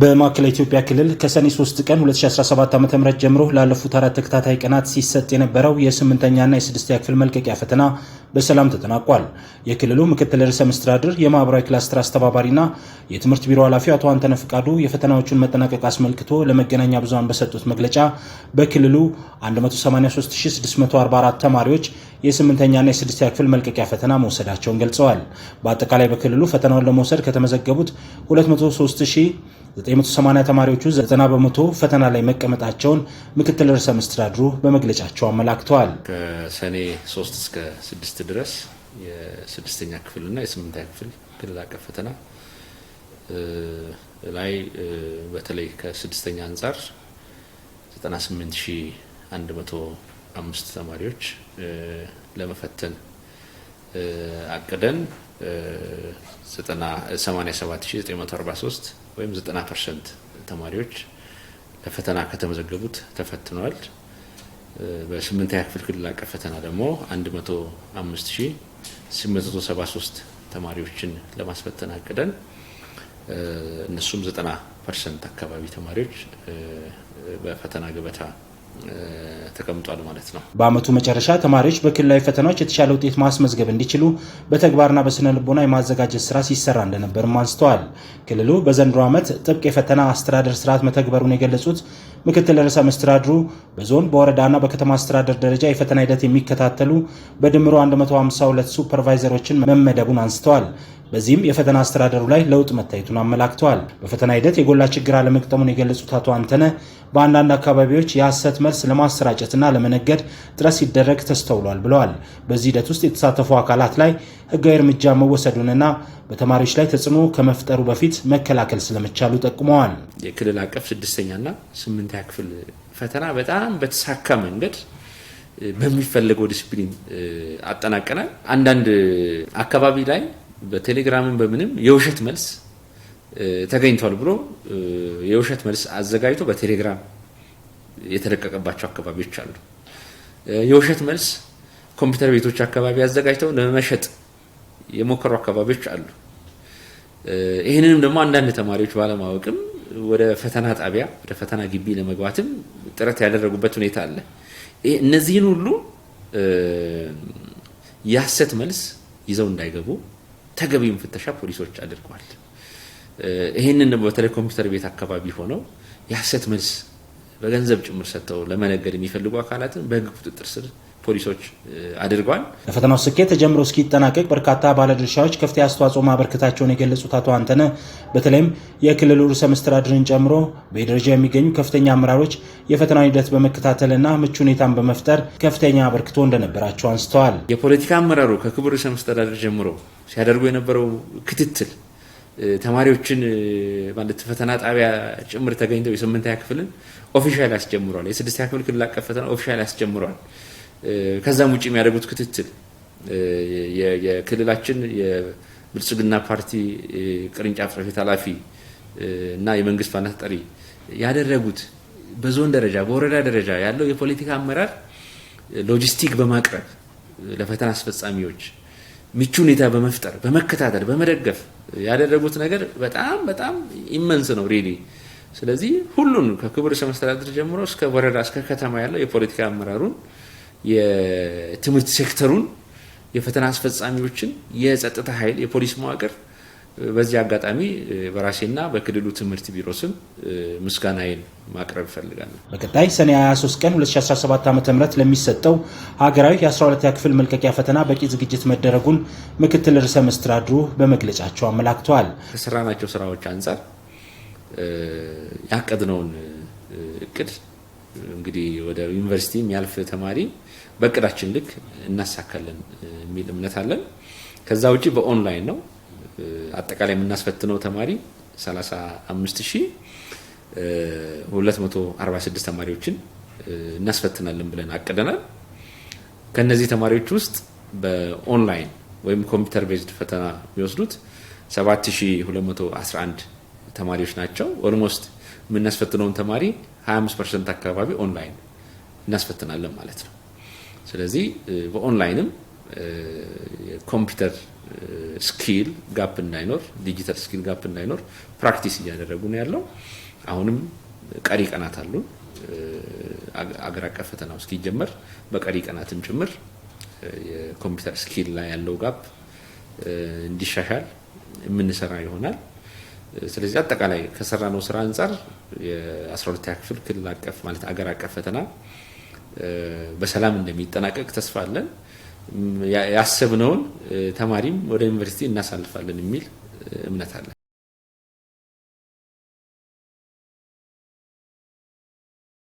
በማዕከላዊ ኢትዮጵያ ክልል ከሰኔ 3 ቀን 2017 ዓ ም ጀምሮ ላለፉት አራት ተከታታይ ቀናት ሲሰጥ የነበረው የስምንተኛና የስድስተኛ ክፍል መልቀቂያ ፈተና በሰላም ተጠናቋል። የክልሉ ምክትል ርዕሰ መስተዳድር የማኅበራዊ ክላስተር አስተባባሪና የትምህርት ቢሮ ኃላፊ አቶ አንተነ ፍቃዱ የፈተናዎቹን መጠናቀቅ አስመልክቶ ለመገናኛ ብዙሃን በሰጡት መግለጫ በክልሉ 183644 ተማሪዎች የስምንተኛና የስድስተኛ ክፍል መልቀቂያ ፈተና መውሰዳቸውን ገልጸዋል። በአጠቃላይ በክልሉ ፈተናውን ለመውሰድ ከተመዘገቡት 2 980 ተማሪዎቹ 90 በመቶ ፈተና ላይ መቀመጣቸውን ምክትል ርዕሰ መስተዳድሩ በመግለጫቸው አመላክተዋል። ከሰኔ 3 እስከ 6 ድረስ የስድስተኛ ክፍልና የስምንተኛ ክፍል ክልል አቀፍ ፈተና ላይ በተለይ ከስድስተኛ አንጻር 98105 ተማሪዎች ለመፈተን አቅደን 87943 ወይም 90 ፐርሰንት ተማሪዎች ለፈተና ከተመዘገቡት ተፈትነዋል። በስምንተኛ ክፍል ክልል አቀፍ ፈተና ደግሞ 105873 ተማሪዎችን ለማስፈተን አቅደን እነሱም 90 ፐርሰንት አካባቢ ተማሪዎች በፈተና ገበታ ተቀምጧል ማለት ነው። በአመቱ መጨረሻ ተማሪዎች በክልላዊ ፈተናዎች የተሻለ ውጤት ማስመዝገብ እንዲችሉ በተግባርና በስነ ልቦና የማዘጋጀት ስራ ሲሰራ እንደነበርም አንስተዋል። ክልሉ በዘንድሮ ዓመት ጥብቅ የፈተና አስተዳደር ስርዓት መተግበሩን የገለጹት ምክትል ርዕሰ መስተዳድሩ በዞን በወረዳና በከተማ አስተዳደር ደረጃ የፈተና ሂደት የሚከታተሉ በድምሮ 152 ሱፐርቫይዘሮችን መመደቡን አንስተዋል። በዚህም የፈተና አስተዳደሩ ላይ ለውጥ መታየቱን አመላክተዋል። በፈተና ሂደት የጎላ ችግር አለመግጠሙን የገለጹት አቶ አንተነ በአንዳንድ አካባቢዎች የሐሰት መልስ ለማሰራጨትና ለመነገድ ጥረት ሲደረግ ተስተውሏል ብለዋል። በዚህ ሂደት ውስጥ የተሳተፉ አካላት ላይ ሕጋዊ እርምጃ መወሰዱንና በተማሪዎች ላይ ተጽዕኖ ከመፍጠሩ በፊት መከላከል ስለመቻሉ ጠቁመዋል። የክልል አቀፍ ስድስተኛና ስምንተኛ ክፍል ፈተና በጣም በተሳካ መንገድ በሚፈለገው ዲስፕሊን አጠናቀናል። አንዳንድ አካባቢ ላይ በቴሌግራምም በምንም የውሸት መልስ ተገኝቷል ብሎ የውሸት መልስ አዘጋጅቶ በቴሌግራም የተለቀቀባቸው አካባቢዎች አሉ። የውሸት መልስ ኮምፒውተር ቤቶች አካባቢ አዘጋጅተው ለመሸጥ የሞከሩ አካባቢዎች አሉ። ይህንንም ደግሞ አንዳንድ ተማሪዎች ባለማወቅም ወደ ፈተና ጣቢያ ወደ ፈተና ግቢ ለመግባትም ጥረት ያደረጉበት ሁኔታ አለ። እነዚህን ሁሉ የሀሰት መልስ ይዘው እንዳይገቡ ተገቢውን ፍተሻ ፖሊሶች አድርጓል። ይህንን በተለይ ኮምፒውተር ቤት አካባቢ ሆነው የሀሰት መልስ በገንዘብ ጭምር ሰጥተው ለመነገድ የሚፈልጉ አካላትን በህግ ቁጥጥር ስር ፖሊሶች አድርገዋል። ለፈተናው ስኬት ተጀምሮ እስኪጠናቀቅ በርካታ ባለድርሻዎች ከፍተኛ አስተዋጽኦ ማበርከታቸውን የገለጹት አቶ አንተነ በተለይም የክልሉ ርዕሰ መስተዳድርን ጨምሮ በደረጃ የሚገኙ ከፍተኛ አመራሮች የፈተናውን ሂደት በመከታተልና ምቹ ሁኔታን በመፍጠር ከፍተኛ አበርክቶ እንደነበራቸው አንስተዋል። የፖለቲካ አመራሩ ከክቡር ርዕሰ መስተዳድር ጀምሮ ሲያደርጉ የነበረው ክትትል ተማሪዎችን ማለት ፈተና ጣቢያ ጭምር ተገኝተው የስምንተኛ ክፍልን ኦፊሻል ያስጀምሯል። የስድስተኛ ክፍል ክልል አቀፍ ፈተና ኦፊሻል ያስጀምሯል። ከዛም ውጭ የሚያደርጉት ክትትል የክልላችን የብልጽግና ፓርቲ ቅርንጫፍ ጽሕፈት ኃላፊ እና የመንግስት ዋና ተጠሪ ያደረጉት በዞን ደረጃ በወረዳ ደረጃ ያለው የፖለቲካ አመራር ሎጂስቲክ በማቅረብ ለፈተና አስፈጻሚዎች ምቹ ሁኔታ በመፍጠር በመከታተል በመደገፍ ያደረጉት ነገር በጣም በጣም ኢመንስ ነው ሪሊ። ስለዚህ ሁሉን ከክቡር ርዕሰ ጀምሮ እስከ ወረዳ እስከ ከተማ ያለው የፖለቲካ አመራሩን የትምህርት ሴክተሩን፣ የፈተና አስፈጻሚዎችን፣ የጸጥታ ኃይል፣ የፖሊስ መዋቅር በዚህ አጋጣሚ በራሴና በክልሉ ትምህርት ቢሮ ስም ምስጋናዬን ማቅረብ እፈልጋለሁ። በቀጣይ ሰኔ 23 ቀን 2017 ዓ ም ለሚሰጠው ሀገራዊ የ12ኛ ክፍል መልቀቂያ ፈተና በቂ ዝግጅት መደረጉን ምክትል ርዕሰ መስተዳድሩ በመግለጫቸው አመላክተዋል። ከሰራናቸው ስራዎች አንጻር ያቀድነውን እቅድ እንግዲህ ወደ ዩኒቨርሲቲ የሚያልፍ ተማሪ በእቅዳችን ልክ እናሳካለን የሚል እምነት አለን። ከዛ ውጭ በኦንላይን ነው አጠቃላይ የምናስፈትነው ተማሪ 35246 ተማሪዎችን እናስፈትናለን ብለን አቅደናል። ከነዚህ ተማሪዎች ውስጥ በኦንላይን ወይም ኮምፒውተር ቤዝድ ፈተና የሚወስዱት 7211 ተማሪዎች ናቸው። ኦልሞስት የምናስፈትነውን ተማሪ 25 ፐርሰንት አካባቢ ኦንላይን እናስፈትናለን ማለት ነው። ስለዚህ በኦንላይንም የኮምፒውተር ስኪል ጋፕ እንዳይኖር፣ ዲጂታል ስኪል ጋፕ እንዳይኖር ፕራክቲስ እያደረጉ ነው ያለው። አሁንም ቀሪ ቀናት አሉ። አገር አቀፍ ፈተናው እስኪጀመር በቀሪ ቀናትም ጭምር የኮምፒውተር ስኪል ላይ ያለው ጋፕ እንዲሻሻል የምንሰራ ይሆናል። ስለዚህ አጠቃላይ ከሰራነው ስራ አንጻር የ12ኛ ክፍል ክልል አቀፍ ማለት አገር አቀፍ ፈተና በሰላም እንደሚጠናቀቅ ተስፋ አለን። ያሰብነውን ተማሪም ወደ ዩኒቨርሲቲ እናሳልፋለን የሚል እምነት አለን።